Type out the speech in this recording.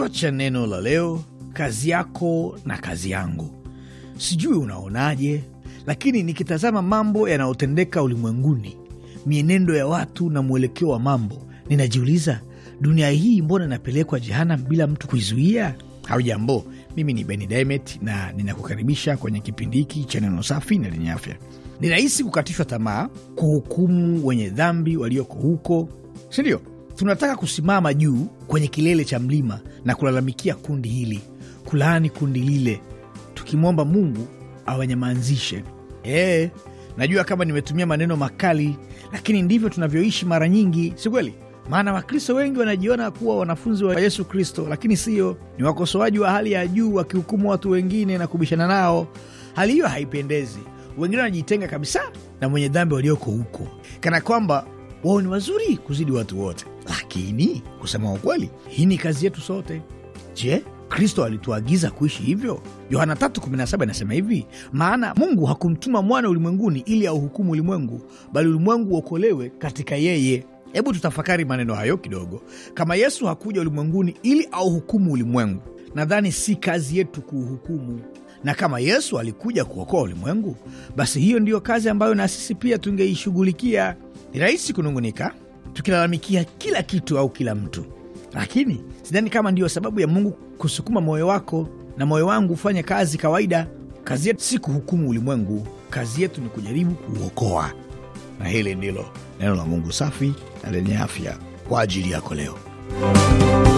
Kichwa cha neno la leo: kazi yako na kazi yangu. Sijui unaonaje, lakini nikitazama mambo yanayotendeka ulimwenguni, mienendo ya watu na mwelekeo wa mambo, ninajiuliza dunia hii mbona inapelekwa jehanamu bila mtu kuizuia? jambo mimi ni Beni Dimet na ninakukaribisha kwenye kipindi hiki cha neno safi na lenye afya. Ni rahisi kukatishwa tamaa, kuhukumu wenye dhambi walioko huko, sindio? tunataka kusimama juu kwenye kilele cha mlima na kulalamikia kundi hili, kulaani kundi lile, tukimwomba Mungu awanyamaazishe. Ee, eh, najua kama nimetumia maneno makali, lakini ndivyo tunavyoishi mara nyingi, si kweli? Maana Wakristo wengi wanajiona kuwa wanafunzi wa Yesu Kristo, lakini sio. Ni wakosoaji wa hali ya juu, wakihukumu watu wengine na kubishana nao. Hali hiyo haipendezi. Wengine wanajitenga kabisa na mwenye dhambi walioko huko, kana kwamba wao ni wazuri kuzidi watu wote. Lakini kusema ukweli, hii ni kazi yetu sote. Je, Kristo alituagiza kuishi hivyo? Yohana 3:17 inasema hivi, maana Mungu hakumtuma mwana ulimwenguni ili auhukumu ulimwengu, bali ulimwengu uokolewe katika yeye. Hebu tutafakari maneno hayo kidogo. Kama Yesu hakuja ulimwenguni ili auhukumu ulimwengu, nadhani si kazi yetu kuuhukumu. Na kama Yesu alikuja kuokoa ulimwengu, basi hiyo ndiyo kazi ambayo na sisi pia tungeishughulikia. Ni rahisi kunung'unika tukilalamikia kila kitu au kila mtu, lakini sidhani kama ndiyo sababu ya Mungu kusukuma moyo wako na moyo wangu hufanya kazi kawaida. Kazi yetu si kuhukumu ulimwengu, kazi yetu ni kujaribu kuokoa. Na hili ndilo neno la Mungu safi na lenye afya kwa ajili yako leo.